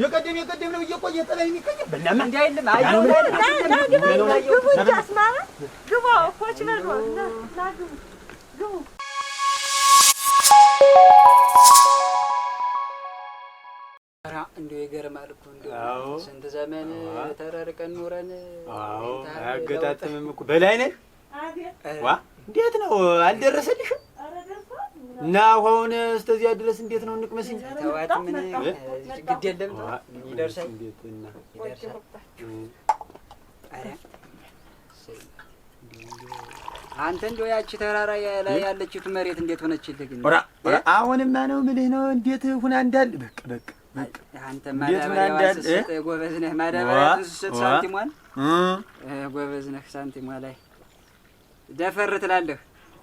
የቀደም የቀደም ነው እየቆየ ጠላይ የሚቀየም በእናትህ እንዲህ አይልም። አይ ግቡ እንጂ አስማራ ግቡ ኮች በሉ ና ግቡ። እንደው ይገርማል እኮ እንደው ስንት ዘመን ተረርቀን ኖረን አያገጣጥምም እኮ በላይ ነህ። ዋ እንዴት ነው አልደረሰልሽም? እና አሁን እስከዚያ ድረስ እንዴት ነው? እንቅመስኝ ተዋት። ምን ግድ የለም ይደርሳል። አንተ እንደው ያቺ ተራራ ላይ ያለችቱ መሬት እንዴት ሆነችልህ ግን? አሁንማ ነው የምልህ ነው እንዴት ሁና እንዳል በቅ በቅ አንተ ማዳበሪያዋን ስስጥ ጎበዝ ነህ። ማዳበሪያዋን ስስጥ ሳንቲሟን ጎበዝ ነህ። ሳንቲሟ ላይ ደፈር ትላለህ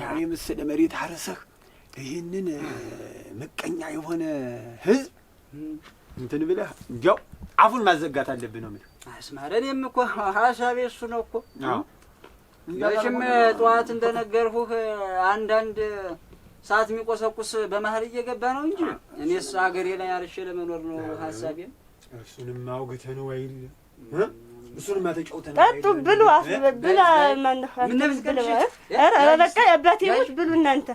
ያን ምስለ መሬት አርሰህ ይህንን ምቀኛ የሆነ ህዝብ እንትን ብለህ እንዲያው አፉን ማዘጋት አለብህ ነው የምልህ። አስማረ እኔም እኮ ሀሳቤ እሱ ነው እኮ መቼም ጠዋት እንደነገርሁህ አንዳንድ ሰዓት የሚቆሰቁስ በመሀል እየገባ ነው እንጂ እኔስ አገሬ ላይ አርሼ ለመኖር ነው ሀሳቤም። እሱንም አውግተ ነው አይደል እሱንማ ተጫውተን ጠጡ ብሉ ብላ በቃ አባቴ ሙት ብሉ እናንተ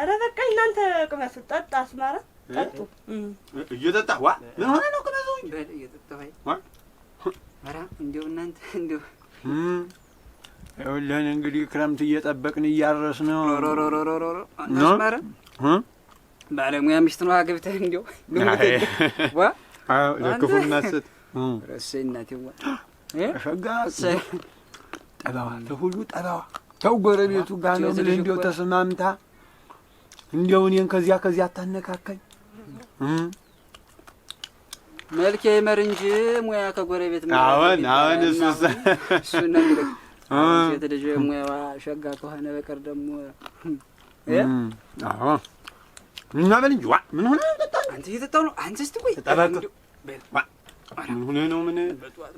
ኧረ በቃ እናንተ ቅመሱ ጠጣ አስማራ ጠጡ እየጠጣሁ ዋ ምን ሆነ ነው ቅመሱ እንደው እናንተ እንደው ይኸውልህን እንግዲህ ክረምት እየጠበቅን እያረስን ነው ባለሙያ ሚስት ነው አግብተህ እንደው ለክፉና ስት ረሰይ እናቴዋ ሸጋ ጠባዋ ለሁሉ ጠባዋ ተው ጎረቤቱ ጋር ነው ብለህ እንዲያው ተስማምታ እንዲያው እኔን ከዚያ ከዚያ አታነካካኝ። መልክ ይመር እንጂ ሙያ ከጎረቤት አሁን አሁን እሱ እሱ ነው ልጅ ሙያዋ ሸጋ ከሆነ በቀር ደግሞ እና በል እንጂ ዋ ምን ሆነ? አንተ እየጠጣሁ ነው። አንተ እስቲ ቆይ ምን ሆነህ ነው? ምን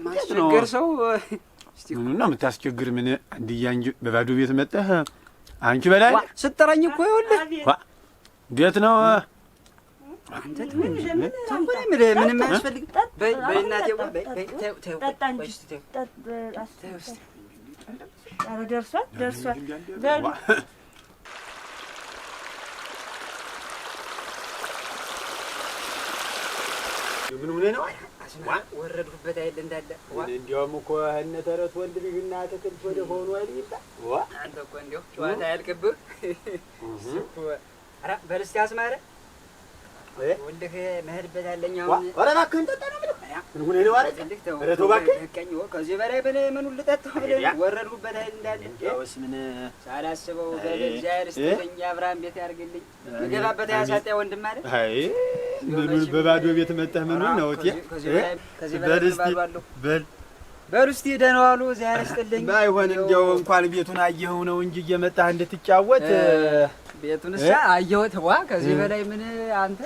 ማስቸገር ሰው ምኑን ነው የምታስቸግር? ምን አንድያ እንጂ በባዶ ቤት መጠህ አንቺ በላይ ስጠራኝ እኮ ይኸውልህ፣ እንዴት ነው ደርሷል ደርሷል ምን ሆነህ ነው? ወረድኩበት አይደል እንዳለ። እንዲያውም እኮ እነ ተረት ወንድ ልጅና አትክልት ወደ ሆኑ አይደል ይባል። አንተ እኮ እንዲያው ጨዋታ ያልቅብህ እኮ። ኧረ በል እስኪ አስማረ ወልድህ መሄድበት አለኝ አሁን። ኧረ እባክህ እንጠጣ ነው የምልህ። ምን ሆነህ ነው? ኧረ ተው እባክህ፣ ከዚህ በላይ ብለህ ምኑን ልጠጣው ብለህ ወረድኩበት አይደል እንዳለ። እንዲያውስ ምን ሳላስበው እግዚአብሔር ይስጥልኝ፣ አብርሃም ቤት ያድርግልኝ፣ የገባበት ያሳጣ ወንድም አይደል አይ ምኑን በባዶ ቤት መጣህ? ምኑን ነው እቴ? በል እስኪ በል በል እስኪ ደህና ዋሉ። እዚህ አይስጥልኝ። ባይሆን እንዲያው እንኳን ቤቱን አየኸው ነው እንጂ እየመጣህ እንድትጫወት ቤቱን እሳ አየሁት። ዋ ከዚህ በላይ ምን አንተ?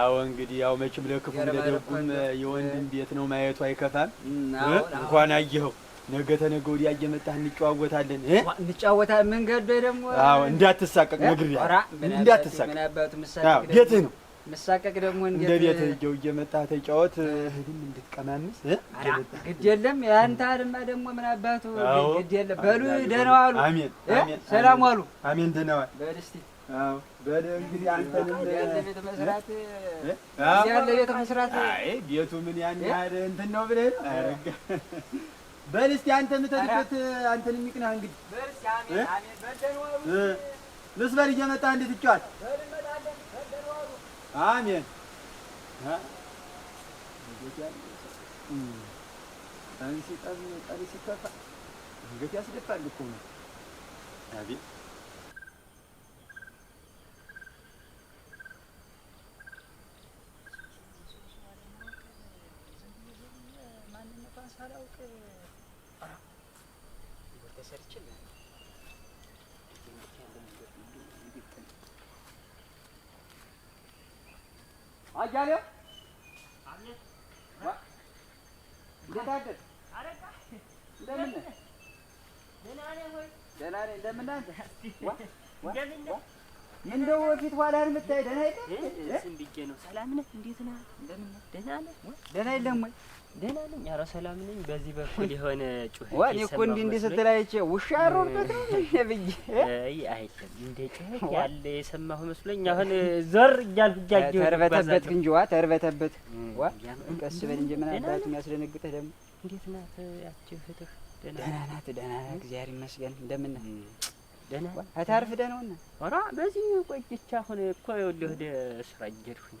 አዎ እንግዲህ ያው መቼም ለክፉ ለደጉም የወንድም ቤት ነው ማየቱ አይከፋም። እንኳን አየኸው ነገ ተነገ ወዲያ እየመጣህ እንጨዋወታለን እንጨዋወታለን። መንገድ ደግሞ አዎ እንዳትሳቀቅ ነግሬሃለሁ። እንዳትሳቀቅ ቤትህ ነው መሳቀቅ ደግሞ እንደ ቤት እየው እየመጣ ተጫወት እህድም እንድትቀማምስ ግድ የለም። ያንተ አልማ ደግሞ ምን አባቱ ግድ የለም። በሉ ደህና ዋሉ። አሜን አሜን፣ ሰላም ዋሉ። አሜን ደህና ዋል። በል እስኪ አዎ፣ በል እንግዲህ አንተ ያለ ቤት መስራት ያለ ቤት መስራት። አይ ቤቱ ምን ያን ያህል እንትን ነው ብለህ በል እስኪ አንተ የምትሄድበት አንተን የሚቅናህ እንግዲህ በል እስኪ አሜን አሜን። በል ደህና ዋሉ። ልስ በል እየመጣህ እንድትጫወት Amin. Ha? Dia jadi. Hmm. Tak ada sikap, tak ada sikap. Dia jadi sedepan dukung. Habis. አያሌው እንዴት አደርክ? እንደምን ደህና ነኝ። እንደምን እንደው ፊት ኋላህን የምታይ ደህና የለም? ዝም ብዬሽ ነው። ሰላም ነህ? እንዴት ነህ? ደህና ነህ? ደህና የለም ወይ? ደህና ነኝ። ኧረ ሰላም ነኝ። በዚህ በኩል የሆነ ጩኸት ወይ ወዲ እኮ እንዲህ እንዲህ ስትላይቼ ውሻ አሮበት ነው ነብይ። አይ አይደለም፣ እንደ ጩኸት ያለ የሰማሁ መስሎኝ አሁን ዞር እያልኩ እጃጅ ተርበተበት እንጂ ዋ ተርበተበት። ዋ ቀስ በል እንጂ ምን አባት የሚያስደነግጥህ ደግሞ። እንዴት ናት ያቺ እህትህ? ደህና ናት፣ ደህና ናት፣ እግዚአብሔር ይመስገን። እንደምን ነህ? ደህና አታርፍ ደህና ነውና። ኧረ በዚህ ቆይቻ አሁን እኮ ይኸውልህ ወደ ስራ እየሄድኩኝ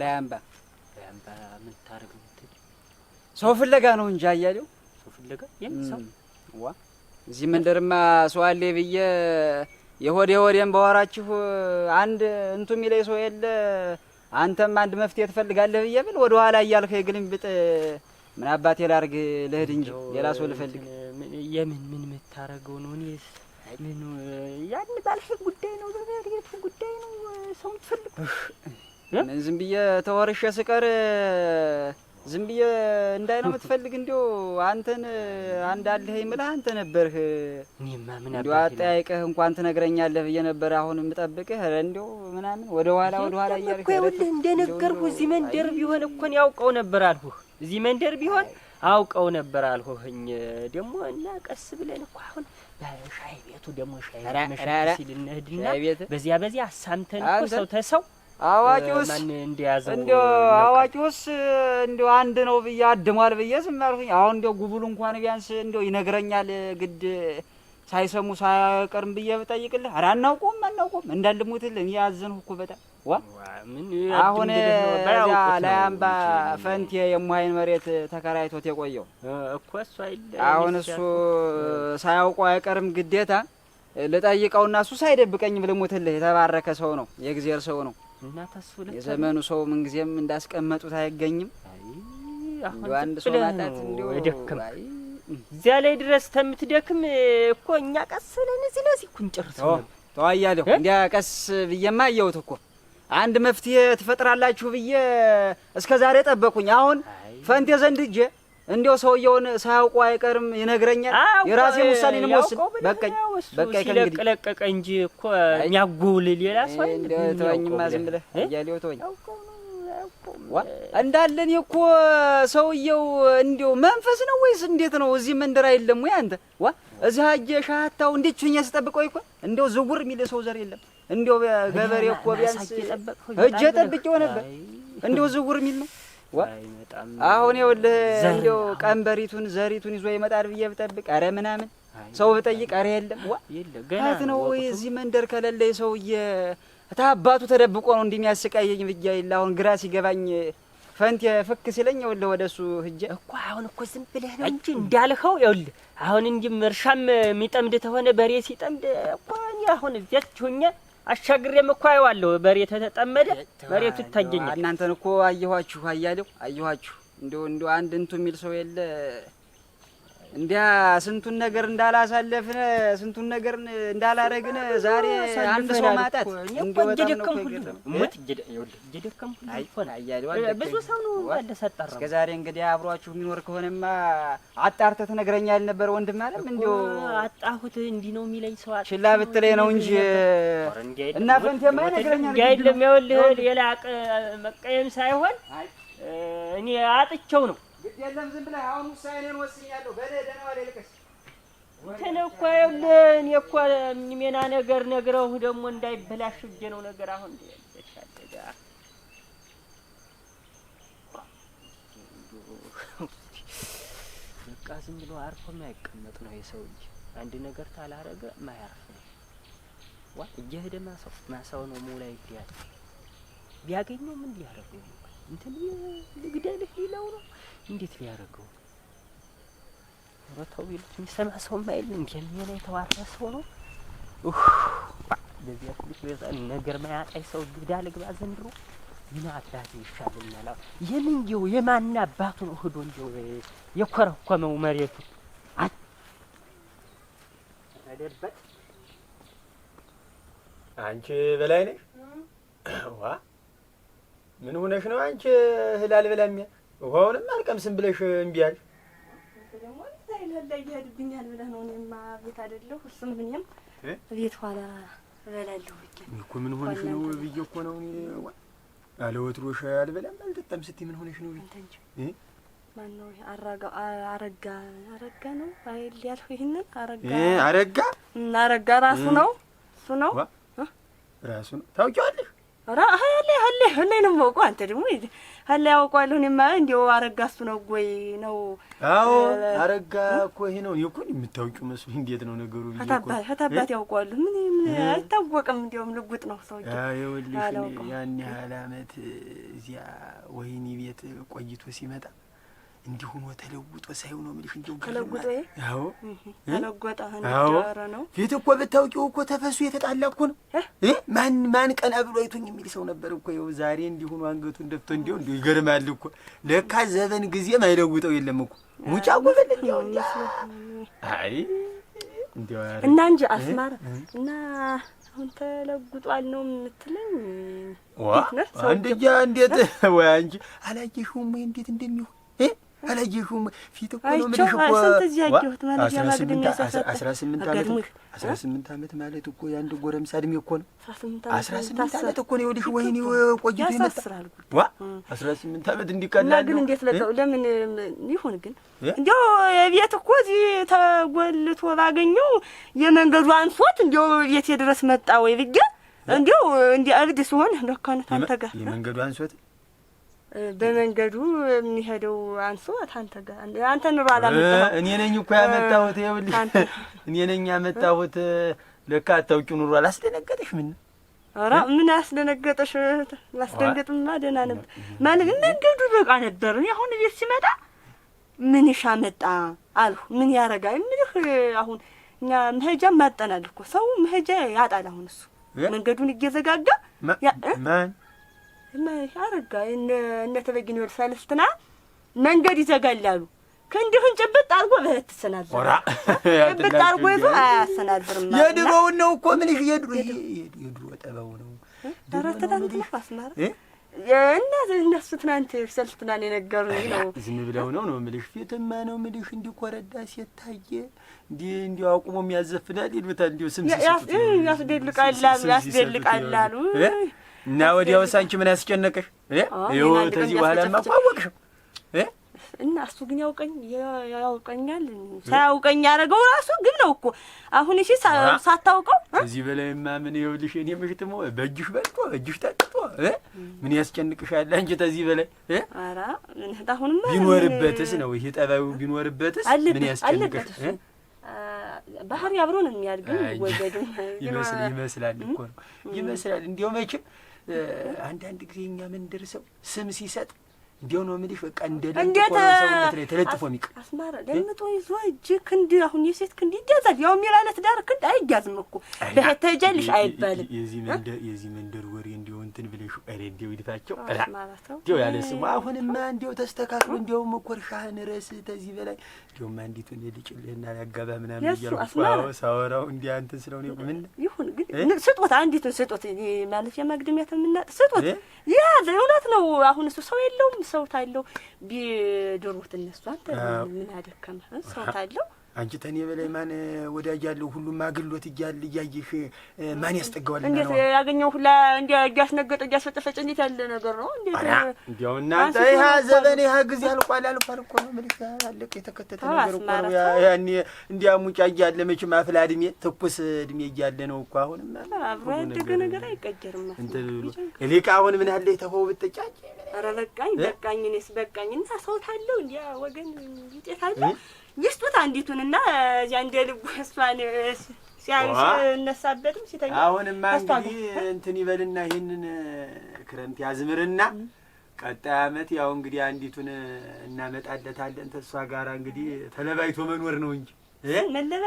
ላይ አምባ ላይ አምባ የምታደርግ የምትሄድ ሰው ፍለጋ ነው እንጂ አያሌው ሰው ፍለጋ የምን ሰው ዋ እዚህ መንደርማ ሰው አለ ብዬ የሆዴ ሆዴን በወራችሁ አንድ እንቱ የሚለኝ ሰው የለ። አንተም አንድ መፍትሄ ትፈልጋለህ ብዬ ብል ወደ ኋላ እያልከ የግልም ብጥ ምን አባቴ ላርግ ልህድ እንጂ ሌላ ሰው ልፈልግ። የምን ምን የምታረገው ነው? እኔስ ምን ያን ባልሽን ጉዳይ ነው፣ ጉዳይ ነው ሰው የምትፈልግ ዝም ብዬ ተወርሼ ስቀር ዝም ብዬ እንዳይ ነው የምትፈልግ? እንዲሁ አንተን አንድ አለህ የምልህ አንተ ነበርህ። ምን እንዲሁ አጠያይቀህ እንኳን ትነግረኛለህ ብዬ ነበር አሁን የምጠብቅህ። ኧረ እንዲሁ ምናምን ወደ ኋላ ወደ ኋላ እያልክ ይኸውልህ፣ እንደነገርኩህ እዚህ መንደር ቢሆን እኮን ያውቀው ነበር አልሁህ። እዚህ መንደር ቢሆን አውቀው ነበር አልሁህኝ። ደግሞ እና ቀስ ብለን እኮ አሁን ሻይ ቤቱ ደግሞ ሻይ ቤት ሲል እንሂድና በዚያ በዚያ አሳምተን እኮ ሰው ተሰው አዋቂውስ አዋቂውስ አንድ ነው ብዬ አድሟል ብዬ ዝም አልኩኝ። አሁን እንኳን ቢያንስ ይነግረኛል ግድ ሳይሰሙ ሳያቀርም ብዬ ብጠይቅልህ፣ ኧረ እኔ እኮ በጣም ዋ አሁን እዚያ ፈንቴ የሙሀይን መሬት ተከራይቶት የቆየው አሁን እሱ ሳያውቀው አይቀርም ግዴታ ልጠይቀውና እሱ የተባረከ ሰው ነው የእግዜር ሰው ነው። የዘመኑ ሰው ምንጊዜም እንዳስቀመጡት አይገኝም። አንድ ሰው ማጣት እንዲሁ እዚያ ላይ ድረስ ተምትደክም እኮ እኛ ቀስ ብለን እዚህ ለዚህ እኮ እንጨርሰው ተዋያለሁ። እንዲያ ቀስ ብዬማ እየውት እኮ አንድ መፍትሄ ትፈጥራላችሁ ብዬ እስከ ዛሬ ጠበኩኝ። አሁን ፈንቴ ዘንድ እጄ እንዲያው ሰውየውን ሳያውቁ አይቀርም ይነግረኛል። የራሴን ውሳኔ ንሞስ በቃኝ በቃኝ። ሲለቅ ለቀቀ እንጂ እኮ የሚያጎብል ሌላ ሰው ተወኝማ፣ ዝም ብለህ እያሌው ተወኝ እኮ ሰውየው እንዲያው መንፈስ ነው ወይስ እንዴት ነው? እዚህ መንደር አይለም ወይ አንተ? ዋ እዚህ አየ ሻታው እንዴት ቹኛ ስጠብቀው ይኮ እንዲያው ዝውር የሚል ሰው ዘር የለም። እንዲያው ገበሬ እኮ ቢያንስ እጄ ጠብቄው ነበር። እንዲያው ዝውር የሚል ነው አሁን ይኸውልህ እንደው ቀንበሪቱን ዘሪቱን ይዞ ይመጣል ብዬ ብጠብቅ አረ ምናምን ሰው ብጠይቅ አረ የለም ዋ ት ነው እዚህ መንደር ከሌለ ሰውዬ አባቱ ተደብቆ ነው እንደሚያስቃየኝ ብዬ አሁን ግራ ሲገባኝ ፈንት ፍክ ሲለኝ ይኸውልህ ወደ እሱ ሂጅ እኮ አሁን እኮ ዝም ብለህ ነው እንጂ እንዳልኸው ይኸውልህ አሁን እንዲህ እርሻም የሚጠምድ ተሆነ በሬ ሲጠምድ እኮ አሁን እዚያች ሆኜ አሻግሬም እኮ አየዋለሁ። በሬ ተጠመደ መሬቱ ይታየኛል። እናንተን እኮ አየኋችሁ፣ አያሌው አየኋችሁ። እንዲሁ እንዲሁ አንድ እንቱ የሚል ሰው የለ እንዲያ ስንቱን ነገር እንዳላሳለፍን ስንቱን ነገር እንዳላረግን ዛሬ አንድ ሰው ማጣት ሁሉ ሁሉ ሙት ብዙ ሰው ነው እስከ ዛሬ እንግዲህ አብሯችሁ የሚኖር ከሆነማ አጣርተህ ትነግረኛል ነበር። ወንድም አለም እንዲሁ አጣሁት እንዲህ ነው የሚለኝ ሰው ችላ ብትለኝ ነው እንጂ እና ፈንቴ ነግረኛል ይነግረኛል። ይኸውልህ ሌላ መቀየም ሳይሆን እኔ አጥቼው ነው ግድ የለም ዝም ብለህ አሁን ውሳኔን ወስኛለሁ ደህና ዋል ልቀስ እንትን እኮ ይኸውልህ እኔ እኮ ሜና ነገር ነግረውህ ደግሞ እንዳይበላሽ እጄ ነው ነገር አሁን በቃ ዝም ብሎ አርፎ የማይቀመጥ ነው የሰው እጅ አንድ ነገር ታላረገ ማያርፍ ነው። ዋ እየሄደ ማሰው ማሰው ነው ሙላ ይዲያል ቢያገኘውም እንዲህ ያደረገው እንትን ልግደልህ ሊለው ነው። እንዴት ሊያደርገው ነው? ኧረ ተው ቢሉት የሚሰማ ሰው ማይል እንዴ ምን የተዋረ ሰው ነው? ኡፍ በዚያ ትልቅ ነገር ማያጣይ ሰው ግዳ ልግባ ዘንድሮ ምን አባቴ ይሻለኛል። ይህን እንዲው የማን አባቱ ነው ሂዶ እንዲው የኮረኮመው መሬቱ አደበት አንቺ በላይ ነሽ ዋ ምን ሆነሽ ነው አንቺ? እህል አልበላም ያ አልቀም ስም ብለሽ እምቢ አልሽ። ደግሞ ብለህ ነው። እኔማ ቤት አይደለሁ እሱን ብኔም ቤት ኋላ እበላለሁ እኮ። ምን ሆነሽ ነው ብዬ እኮ ነው አለ ወትሮሽ አልበላም አልጠጣም ስትይ ምን ሆነሽ ነው ብዬ አረጋ አረጋ አረጋ ነው አይል ያልሁ ይሄንን አረጋ አረጋ እና አረጋ ራሱ ነው እሱ ነው ራሱ ነው ታውቂዋለሽ ሀሌ ነው የማውቀው። አንተ ደግሞ ሀሌ ያውቀዋለሁ። እኔማ እንዲያው አረጋ እሱ ነው ጎይ ነው። አዎ አረጋ እኮ ይሄ ነው እኮ የምታውቂው መስሎኝ። እንዴት ነው ነገሩ? ታባት ያውቀዋለሁ። ምን አይታወቅም። እንዲያውም ልጉጥ ነው ሰው ያን ያህል አመት እዚያ ወህኒ ቤት ቆይቶ ሲመጣ እንዲሁ ነው ተለውጦ ሳይሆን ነው የምልሽ። እንዲሁ ተለውጦ አዎ፣ ተለወጠ ነው ፊት እኮ ብታውቂው እኮ ተፈሱ የተጣላ እኮ ነው። ማን ማን ቀና ብሎ አይቶኝ የሚል ሰው ነበር እኮ። ይኸው ዛሬ እንዲሁ ነው አንገቱን ደፍቶ እንዲሁ እንዲሁ። ይገርማል እኮ ለካ ዘበን ጊዜ ማይለውጠው የለም እኮ ሙጫ ጎበል እንዲሁ። አይ እና እንጂ አስማር እና አሁን ተለውጧል ነው የምትለኝ? ዋ አንደኛ እንዴት ወይ አንቺ አላየሽውም ወይ እንዴት እንደሚሆን አላየሁም። ፊት እኮ ነው አስራ ስምንት ዓመት ማለት እኮ የአንድ ጎረምሳ እድሜ እኮ ነው። አስራ ስምንት ዓመት እኮ ነው። ይኸውልሽ ወይኔ ቆይቶ ይመጣ ዋ አስራ ስምንት አመት እንዲቀላ ግን እንዴት ለቀው ለምን ይሁን ግን እንዲያው የቤት እኮ እዚህ ተጎልቶ ባገኘው የመንገዱ አንሶት እንዲያው ቤት የድረስ መጣ ወይ ብዬሽ እንዲያው እንዲ እብድ ሲሆን ለካ ነው ጋር የመንገዱ አንሶት በመንገዱ የሚሄደው አንሶ አንተ ጋር አንተ ኑሮ አላመጣሁት እኔ ነኝ እኮ ያመጣሁት። ይኸውልሽ እኔ ነኝ ያመጣሁት። ለካ አታውቂው ኑሮ አላስደነገጠሽ? ምን ኧረ ምን አስደነገጠሽ? ላስደንገጥማ ደህና ነበር ማለት መንገዱ በቃ ነበር። እኔ አሁን ቤት ሲመጣ ምን ይሻ መጣ አልሁ። ምን ያረጋ የምልህ አሁን እኛ መሄጃ ማጠናል እኮ ሰው መሄጃ ያጣል። አሁን እሱ መንገዱን እየዘጋጋ ማን አረጋ እነ ተበጊን ወር ሰለስትና መንገድ ይዘጋላሉ። ክንድህን ጭብጥ አድርጎ በህት ተሰናድ ወራ ጭብጥ አድርጎ ይዞ አያሰናድርም። የድሮውን ነው እኮ ምን ይሄ የድሮ የድሮ ጠበው ነው። ኧረ ትናንት ነው አስማረ እና እነሱ ትናንት ሰልስትና ነው ነው። ዝም ብለው ነው ነው የምልሽ ፊትማ ነው የምልሽ እንዲህ ኮረዳ ሲታየ እንዲህ እንዲህ አቁሞም ያዘፍናል ይሉታል እንዲሁ ስም ያስደልቃል ያስደልቃል እና ወዲያው ሳንቺ ምን ያስጨነቅሽ? ተዚህ በኋላ ማቋወቅሽም እና እሱ ግን ያውቀኝ ያውቀኛል። ሳያውቀኝ ያደረገው ራሱ ግን ነው እኮ አሁን። እሺ ሳታውቀው እዚህ በላይ ማምን ይኸውልሽ፣ እኔ ምሽትሞ በእጅሽ በልጦ እጅሽ ጠጥቶ ምን ያስጨንቅሻል አንቺ? ተዚህ በላይ አሁንም ቢኖርበትስ ነው ይሄ ጠባዩ ቢኖርበትስ ምን ያስጨንቅሽ? ባህሪ አብሮን የሚያድግም ወገዱ ይመስላል እኮ ነው ይመስላል እንዲያው መቼም አንዳንድ ጊዜ እኛ ምን ደርሰው ስም ሲሰጥ እንዲያው ነው የምልሽ። በቃ እንደ እንዴት ተለጥፎ የሚቀር አስማራ ደምጦ ይዞ እጅ ክንድ፣ አሁን የሴት ክንድ ይያዛል። ያው አይነት ዳር ክንድ አይያዝም እኮ በሄድ አይባልም። የዚህ መንደር ወሬ እንዲያው እንትን ብለሽ ኧረ እንዲያው ይድፋቸው እንዲያው ያለ ስሙ። አሁንማ እንዲያው ተስተካክሎ እንዲያውም እኮ እርሻህን ረስ ተዚህ በላይ እንዲያውም አንዲቱን የልጭልህና ያጋባ ምናምን እያልኩ ሳወራው እንዲያ እንትን ስለሆነ ምን ይሁን ስጦት አንዲቱን ስጦት ማለት የማግድሚያት የምናጥ ስጦት ያ እውነት ነው። አሁን እሱ ሰው የለውም ሰው ታለው ቢድሩት እነሱ አንተ ምን አደከመ ሰው ታለው አንቺ ተኔ በላይ ማን ወዳጅ ያለው ሁሉም አግሎት እያል እያየሽ ማን ያስጠጋዋል? እንዴት ያገኘው ሁላ እንዲ እያስነገጠ እያስፈጠፈጭ እንዴት ያለ ነገር ነው? እንዴት እንዲያው እናንተ ይህ ዘመን ይህ ጊዜ አልቋል አልቋል እኮ ነው ምልክ አለቅ የተከተተ ነገር እኮ ነው ያኔ እንዲያ ሙጫ እያለ መቼም አፍላ እድሜ ትኩስ እድሜ እያለ ነው እኮ አሁንም አብሮ ያደገ ነገር አይቀጀርም። እንትን ብሎ እሊቅ አሁን ምን አለ የተሆው ብትጫጭ ረበቃኝ በቃኝ ኔስ በቃኝ እና ሰውታለሁ እንዲያ ወገን ውጤት አለ ይስጡት አንዲቱን እና እዚያ እንደ ልቡ እሷን ሲያነሳበትም ሲተኛ አሁንማ እንግዲህ እንትን ይበልና ይህንን ክረምት ያዝምርና ቀጣይ ዓመት ያው እንግዲህ አንዲቱን እናመጣለታለን። ተሷ ጋራ እንግዲህ ተለባይቶ መኖር ነው እንጂ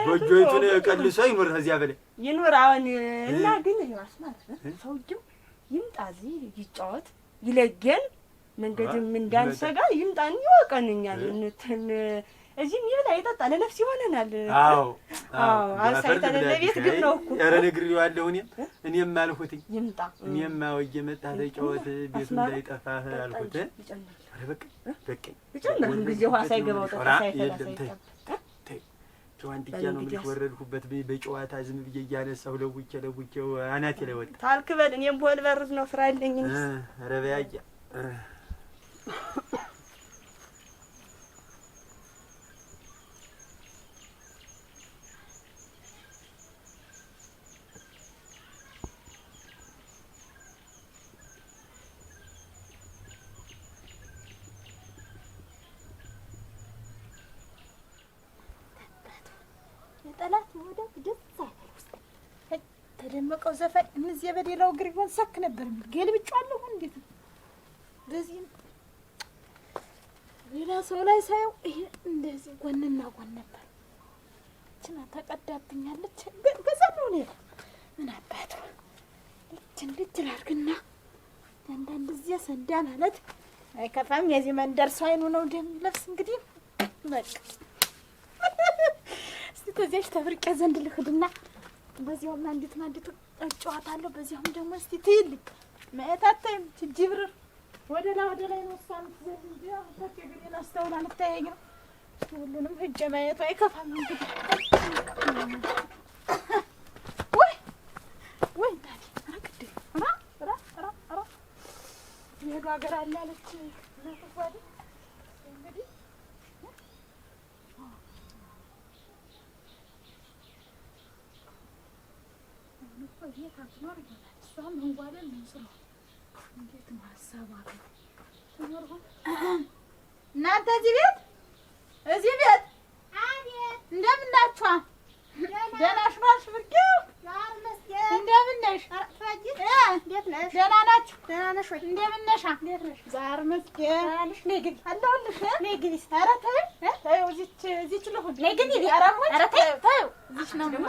ጎጆይቱን ቀልሶ ይኖር ከዚያ በላይ ይኖር። አሁን እና ግን ይዋስ ማለት ነው ሰውዬው ይምጣ፣ እዚህ ይጫወት፣ ይለገን መንገድም እንዳንሰጋ ይምጣን፣ ይወቀን እኛን እንትን እዚህም ይብላ ይጠጣ፣ ለነፍስ ይሆነናል። አዎ አዎ። አሳይተን ለቤት ግን ነው እኮ ኧረ ነግሬዋለሁ። እኔም እኔም አልኩትኝ ይምጣ፣ እኔም አዎ፣ እየመጣ ተጫወት፣ ቤቱ እንዳይጠፋህ አልኩት። ኧረ በቃ በቃ ይጨምር እንግዲህ ውሃ ሳይገባው ጠጣ ሳይፈላ ጨዋንትያ ነው የምልሽ። ወረድኩበት በጨዋታ ዝም ብዬ እያነሳሁ ለውጬ ለውጬ አናቴ ላይ ወጣ። ታልክ በል እኔም በሆን በርዝ ነው ስራ አለኝ። ኧረ በያያ የደመቀው ዘፈን እነዚህ የበደላው እግር ቢሆን ሰክ ነበር የሚል ገልብጫለሁ። እንዴት በዚህ ሌላ ሰው ላይ ሳየው ይሄ እንደዚህ ጎንና ጎን ነበር። እችና ተቀዳብኛለች። በዛ ነው ሌላ ምን አባቷ ልችን ልች ላርግና አንዳንድ ጊዜ ሰንዳ ማለት አይከፋም። የዚህ መንደር ሰው አይኑ ነው እንደሚለብስ እንግዲህ በቃ እስቲ ተዚያች ተብርቄ ዘንድ ልክድና በዚያውም አንዲት አንዲቱን እጨዋታለሁ። በዚያውም ደግሞ እስቲ ትይልኝ መእታተይም ትጅብርር ወደ ላይ ወደ ላይ ነው እሷ የምትዘል እንጂ አሁን የግሬን አስተውላ የምታየኝ ነው። ሁሉንም ሂጅ ማየቱ አይከፋም እንግዲህ ወይ ወይ ዳዲ ራ ራ ራ ራ የሄዱ ሀገር አለ አለች ነቱ በጌታ ትኖር ይባላል። እሷ መንጓደል ንጽኖ እንዴት ነው ሀሳብ ትኖር እናንተ እዚህ ቤት እዚህ ቤት እንደምናችኋል ደህና ሽማሽ ብርጌው እንደምን ነሽ? ደህና ናችሁ? እንደምን ነሽ? ዛር መስገን አለሁልሽ። ኧረ ተይው እዚህች ልሁን።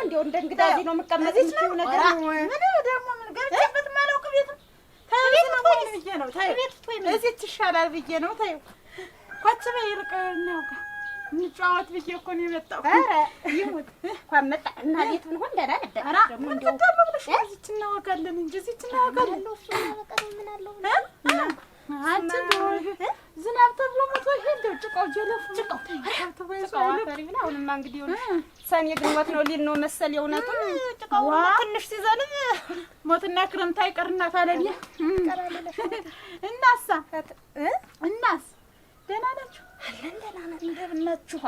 እንደው እንደ እንግዳ እዚህ ነው የምቀመጥሽ። እዚህች ይሻላል ብዬሽ ነው። ተይው ኮች በይ ይልቅ እናውጋ እንጫወት ብዬሽ እኮ ነው የመጣሁት። ይሁን እንኳን መጣ እና ቤት ብንሆን ደህና ነበር። እዚህ እናወጋለን እንጂ እዚህ እናወጋለን። ዝናብ ተብሎ መቶ ይሄ እንደው ጭቃው ጀለፉ አሁንማ እንግዲህ ሰኔ ግንቦት ነው ሊል ነው መሰል የእውነቱን ጭቃው ትንሽ ሲዘንብ ሞትና ክረምት አይቀርና ታለለ እናሳ እናስ ደህና ናችሁ? አለን ደህና ናችሁ?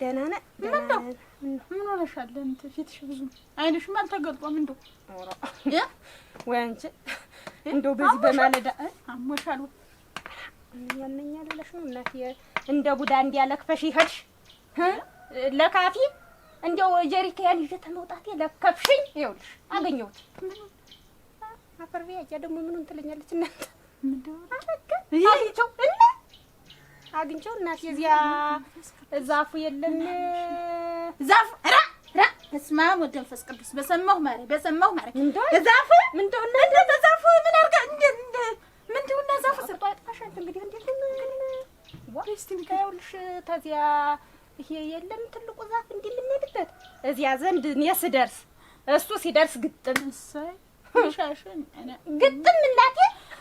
ደህና ነን። ምን ሆነሻል? እንት ፊትሽ ብዙ አይንሽም አልተገልጧም። እንደው ያ ወይ አንቺ እንደው በዚህ በማለዳ አሞሻል ያመኛል ብለሽ ነው እናት እንደ ቡዳ እንዲያለክፈሽ ይኸድሽ ለካፊ እንደው ጀሪካን ይዤ ተመውጣቴ ለከፍሽኝ። ይኸውልሽ አገኘሁት። አፈር ቢያያ ደግሞ ምኑን ትለኛለች እናንተ ምንድነው አረጋ ይሄ አግኝቼው እናቴ እዚያ ዛፉ የለም ዛፉ ራ ራ በስመ አብ ወወልድ ቅዱስ በሰማሁ ማርያም በሰማሁ ማርያም ዛፉ ምን ተውና እንዴ ዛፉ ምን አርጋ እንዴ ምን ተውና ዛፉ ስርጧ ያጥፋሻል። እንግዲህ እንዴ እንዴት ይኸውልሽ ተዚያ ይሄ የለም ትልቁ ዛፍ እንዲህ የምንሄድበት እዚያ ዘንድ እኔ ስደርስ እሱ ሲደርስ ግጥም ግጥም እናቴ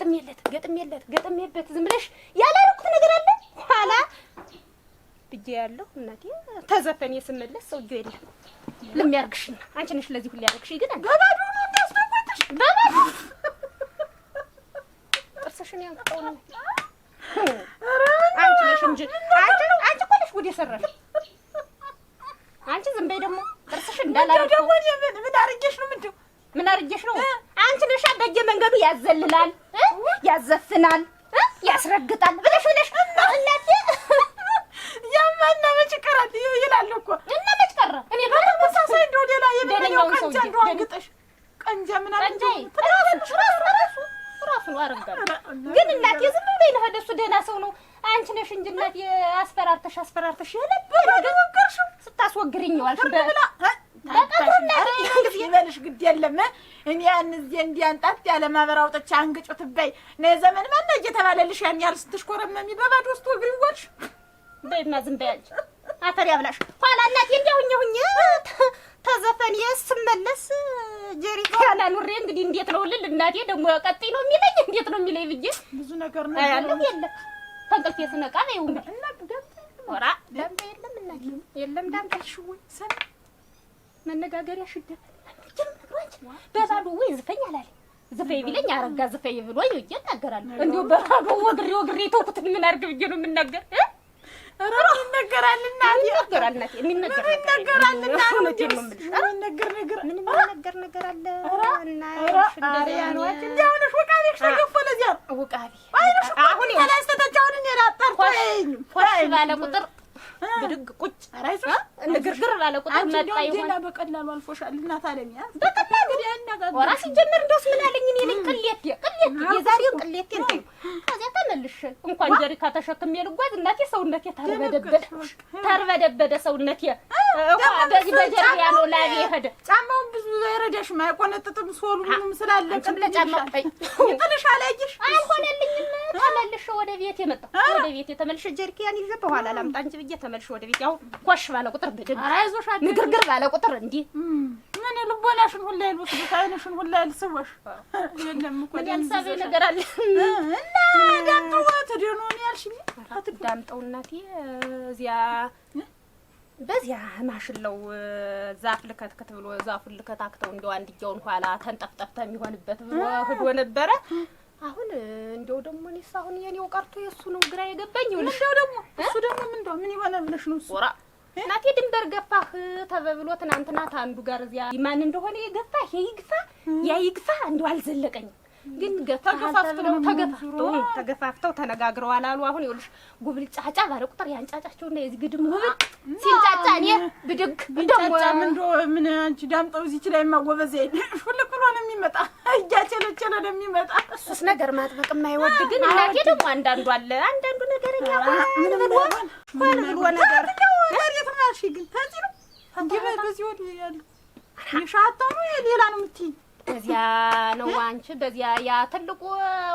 ገጥሜለት ገጥሜለት ገጥሜበት ዝም ብለሽ ያላረኩት ነገር አለ ኋላ ብዬ ያለሁ እናቴ ተዘፈን የስመለስ ሰው እጆ የለም ለሚያርግሽና አንቺ ነሽ ለዚህ ሁሉ ያርግሽ ግን በባዶ ነው ታስደውልሽ በባዶ ጥርስሽን ያንቀጠው ነው አንቺ ነሽ እንጂ አንቺ አንቺ እኮ ነሽ ጉድ የሰራሽ አንቺ ዝም በይ ደግሞ ጥርስሽ እንዳላረገው ምን አርጌሽ ነው ምንድን ምን አርጌሽ ነው አንቺ ነሽ በየ መንገዱ ያዘልላል ያዘፍናል፣ ያስረግጣል ብለሽ ብለሽ እናቴ ያማና መች ቀራት ይላል እኮ እና መች ቀረ እኔ በተመሳሳይ እንደው ሌላ የበለኛው ቀንጃ እንደው አንግጠሽ ቀንጃ ምናምን ራሱ ራሱ ራሱ ነው አረጋል። ግን እናት ዝም ብሎ ይልሃል ደሱ ደህና ሰው ነው። አንቺ ነሽ እንጂ እናቴ አስፈራርተሽ አስፈራርተሽ የነበረ ስታስወግሪኝ ዋልሽ ይበልሽ ግድ የለም። እኔ ያን እዚህ እንዲያንጣት ያለ ማህበር አውጥቼ አንግጮ ትበይ ነው የዘመን ማና እየተባለልሽ ያን ያህል ስትሽኮረመሚ በባዶ ውስጥ ወግሪ ወልሽ በይማ ዝም በያለሽ አፈር ያብላሽ። ኋላ እናቴ እንዲያሁኝ ሁኝ ተዘፈን ስመለስ ጀሪካ ያላኑሬ እንግዲህ እንዴት ነው ልል እናቴ ደግሞ ቀጥይ ነው የሚለኝ እንዴት ነው የሚለኝ ብዬ ብዙ ነገር ነው ያለው። የለም ከእንቅልፌ ስነቃ ነው ይሁን እና ገብታ ራ የለም እናቴ የለም ዳምታሽ ወይ ሰ መነጋገሪያ ሽደፈ በባዶ ወይ ዝፈኝ አላለኝ ዝፈይ ቢለኝ አረጋ ዝፈይ ብሎ ውዬ እናገራለሁ። እንዴው በባዶ ወግሬ ወግሬ ተውኩት። ምን አድርግ ብዬ ነው የምናገር? ይነገራል እናቴ፣ ይነገራል እናቴ፣ የሚነገር ነገር ምን የሚነገር ነገር አለ? እና አሁን ባለ ቁጥር ብድግ ቁጭ አራይሳ እንደ ግርግር ባለ ቁጥር መጣ ይሆን በቀላሉ አልፎሻል። እና ያ በቀላሉ ወራ ሲጀመር እንደውስ ምን አለኝ እኔ ልክ ቅሌት ቅሌት የዛሬው ቅሌት ነው። ከዚያ ተመልሽ እንኳን ጀሪካ ተሸክሜ ልጓዝ እናቴ ሰውነቴ ታርበደበደ ታርበደበደ ሰውነቴ በዚህ በጀሪያ ነው ላይ ሄደ። ጫማውን ብዙ አይረዳሽም፣ አይቆነጥጥም ሶሉ ምንም ስላለቀ ለጫማው ጥልሽ አላየሽ አልሆነልኝም። ተመልሽ ወደ ቤት የመጣ ወደ ቤት የተመልሽ ጀሪካን ይዤ በኋላ ላምጣ እንጂ ብዬ ተመልሽ ወደ ቤት ያው ኮሽ ባለ ቁጥር ብድግ ንግርግር ባለ ቁጥር እንዲህ ምን ልቦናሽን ሁላ ይልወስዱት አይንሽን ሁላ ይልስወሽ የለም እኮ ደንሳቤ ነገር አለ እና ዳምጠው ትድኑን ያልሽኝ አትዳምጠው እናቴ እዚያ በዚያ ማሽለው ዛፍ ልከትክት ብሎ ዛፉን ልከታክተው እንደው አንድ አንድያውን ኋላ ተንጠፍጠፍተ የሚሆንበት ብሎ ህዶ ነበረ። አሁን እንደው ደግሞ እኔስ አሁን የኔው ቀርቶ የእሱ ነው ግራ የገባኝ። እንደው ደግሞ እሱ ደግሞ ምን እንደው ምን ይሆናል ብለሽ ነው? እሱ ሱራ እናቴ ድንበር ገፋህ ተበብሎ ትናንትና ታንዱ ጋር እዚያ ማን እንደሆነ የገፋህ ይግፋ ያ ይግፋ እንደው አልዘለቀኝም ግን ተገፋፍተው ተነጋግረዋል አሉ። አሁን ይኸውልሽ ጉብል ጫጫ ባለ ቁጥር ያንጫጫቸውና የዚህ ግድም ሁሉ ሲንጫጫ እኔ ብድግ ምን እንዶ ምን አንቺ ዳምጠው እዚህ ላይ ማጎበዝ ይ ሁል ብሎ ነው የሚመጣ እያቸለቸለ ነው የሚመጣ እሱስ ነገር ማጥበቅ የማይወድ ግን እናቴ ደግሞ አንዳንዱ አለ አንዳንዱ ነገር ምን ብሎ ምን ብሎ ነገር ግን ተዚህ ነው እንዲህ በዚህ ወዲህ ያሉ የሻታው ነው የሌላ ነው የምትይኝ በዚያ ነው አንቺ በዚያ ያ ትልቁ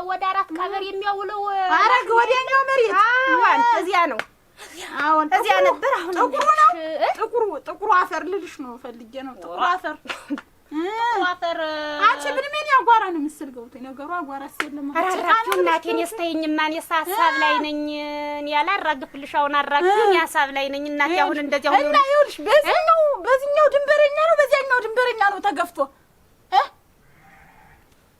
ወደ አራት ቀበር የሚያውለው አረግ ወዲያኛው መሬት እዚያ ነው። አሁን እዚያ ነበር። አሁን ጥቁሩ ነው ጥቁሩ ጥቁሩ አፈር ልልሽ ነው ፈልጌ ነው ጥቁሩ አፈር አንቺ ምን ምን ያጓራ ነው ምስል ገብቶ ነገሩ አጓራ ስለማ አራራችሁ እናቴን የስተኝማ እኔ ሀሳብ ላይ ነኝ። እኔ ያላራግፍልሽ አሁን አራግፍኝ ሀሳብ ላይ ነኝ እናቴ። አሁን እንደዚያ ሁሉ እና ይኸውልሽ በዚህኛው በዚህኛው ድንበረኛ ነው በዚያኛው ድንበረኛ ነው ተገፍቶ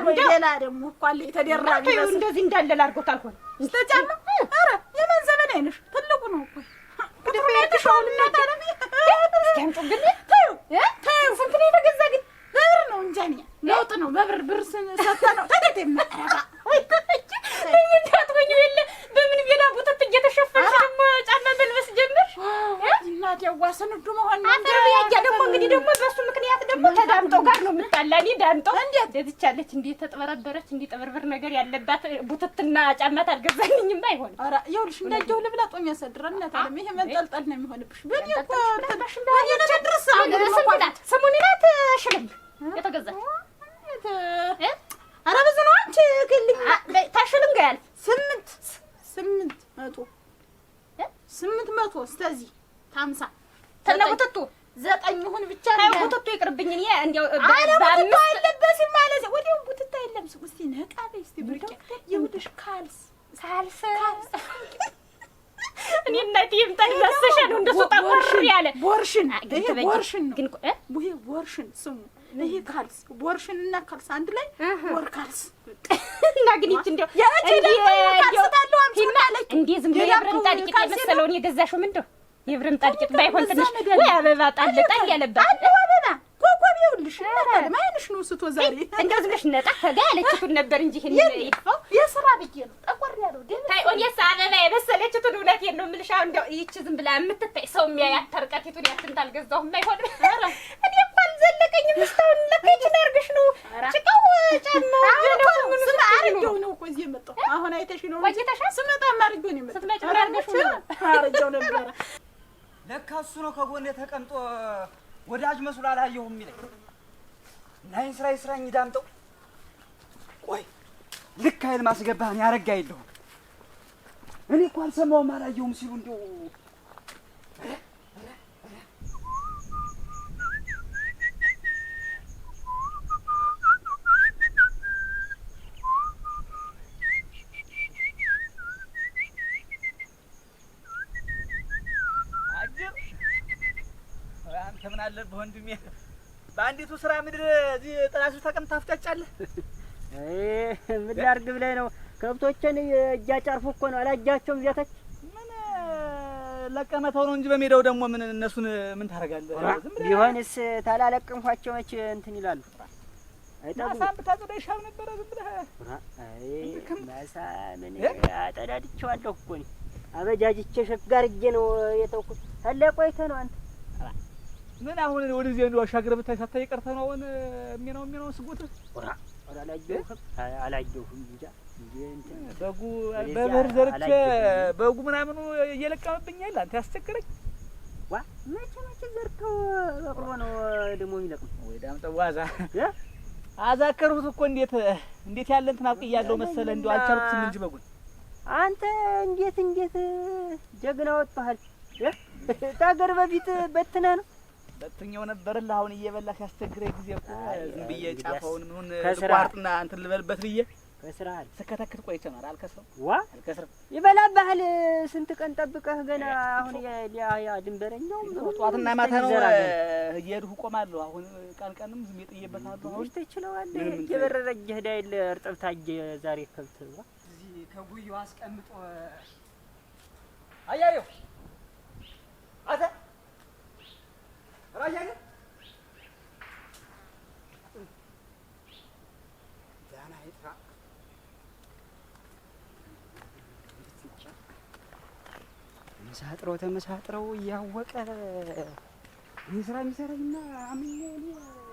እንግዲህ ሌላ ደግሞ እኮ አለ የተደራቢ እንደዚህ እንዳለ ላድርጎት አልሆነ ያለበት ቡትትና ጫማት አልገዛኝም። አይሆንም። ኧረ ይኸውልሽ እንዳየሁ ልብላ ጦም ያሳድራል። እናት አለም ይሄ መንጠልጠል ነው የሚሆንብሽ። ስሙን ይላት ሽልም የተገዛ ኧረ ብዙ ነው። አንቺ ታሽልም ጋ ያልፍ ስምንት ስምንት መቶ ስምንት መቶ እስከዚህ ታምሳ ተነቡትቱ ዘጠኝ ሁን ብቻ ነው። ቡትቶ ይቅርብኝ። እኔ እንዲያው ባባም አለበስ ማለት ወዲያው ቡትቶ የለም። እስቲ ነቃ በይ። እስቲ ብርቅ ይውድሽ ካልስ ሳልስ እኔ እናቴ ይምጣኝ መሰሻ ነው እንደሱ ጠቆር ያለ ቦርሽን ይሄ ቦርሽን ነው ግን ይሄ ቦርሽን ስሙ ይሄ ካልስ ቦርሽን እና ካልስ አንድ ላይ ወር ካልስ እና ግን ይቺ እንደው እንዴ ዝም ብሎ ያብረን ጣልቂት የመሰለውን የገዛሽው ምንድን ነው? ይብርም ጠርጭት ባይሆን ትንሽ ወይ አበባ ጣል ጣል ያለባት አዲው አበባ ኮኮብ ይኸውልሽ ነበር ማይንሽ ነው ስቶ ዛሬ እንደው ዝም ብለሽ ነጣ ተጋ ያለችቱን ነበር እንጂ ይሄን ይጥፋው የሥራ ብዬ ነው ጠቆር ያለው ደም ታይ ኦኔሳ አበባ የበሰለችቱን እውነቴን ነው የምልሽ። አሁን እንደው ይቺ ዝም ብላ የምትታይ ሰው የሚያያት ተርቀቲቱን ያትንት አልገዛሁም አይሆንም። እኔ እኮ አልዘለቀኝም። እስካሁን ለካ ይቺን አድርገሽ ነው ጭቀው ጫማ ነው ምን ስለ አርጆው ነው እኮ እዚህ የመጣው አሁን አይተሽ ነው ወጭ ተሻ ስመጣ ማርጆ ነው የመጣው ስትመጪ ብላ አድርገሽ ነው አርጆው ነበር ለካ እሱ ነው ከጎኔ ተቀምጦ ወዳጅ መስሎ አላየሁም ሚለ ናይን ስራይ ስራ ይስራኝ ዳምጠው። ቆይ ልክ ኃይል ማስገባህን ያረጋ የለሁም እኔ እኮ አልሰማሁም አላየሁም ሲሉ እንዲሁ ወንድሜ በአንዲቱ ስራ ምድር እዚህ ጥላሱ ተቀምጠህ ታፍጫጫለህ። ምን ላድርግ ብለህ ነው? ከብቶችን እያጫርፉ እኮ ነው አላጃቸውም። እዚያተች ምን ነው እንጂ በሜዳው ደግሞ ምን እነሱን ምን ታደርጋለህ? ቢሆንስ ታላለቅምኳቸው መች እንትን ይላሉ። ማሳም ብታጸዳ ይሻል ነበረ። ዝም ብለህ ማሳ ምን አጠዳድቼዋለሁ እኮ እኔ አበጃጅቼ ሸጋርጌ ነው የተውኩት። ታላቆይተህ ነው አንተ ምን አሁን ወደዚህ እንደው አሻገር ብታይ ሳታይ ቀርተህ ነው አሁን የሚናው የሚናው ስጎትህ ወራ ወራ አላየሁህም አላየሁህም እንጃ በጉ በብር ዘርቼ በጉ ምናምኑ እየለቀመብኛል። አንተ ያስቸግረኝ ዋ መቼ መቼ ዘርከው በቅሎ ነው ደግሞ የሚለቅም ወይ ዳምጠው ዋዛ አዛከርሁት እኮ እንዴት እንዴት ያለ እንትን አውቅያለሁ መሰለህ እንደው አልቻልኩትም እንጂ በጉን አንተ እንዴት እንዴት ጀግና ወጥቷል። ታገር በፊት በትነህ ነው በትኛው ነበርልህ አሁን እየበላ ሲያስቸግረኝ ጊዜ እኮ ዝም ብዬ ጫፋውን ምን ቋርጥና እንትን ልበልበት ብዬ ከስራል ስከተክት ቆይቼ ነው አልከስርም። ዋ አልከስርም ይበላብሃል። ስንት ቀን ጠብቀህ ገና አሁን ያ ድንበረኛው ጠዋትና ማታ ነው እየሄድሁ ቆማለሁ። አሁን ቀን ቀንም ዝም የጥየበታለሁ። አሁን ትችለዋለህ። እየበረረ እየሄዳ የለ እርጥብ ታየ ዛሬ ከብት ዋ እዚህ ከጉዩ አስቀምጦ አያየው አተ መሳጥረው ተመሳጥረው እያወቀ ይህ ስራ የሚሰራኝና አምኜ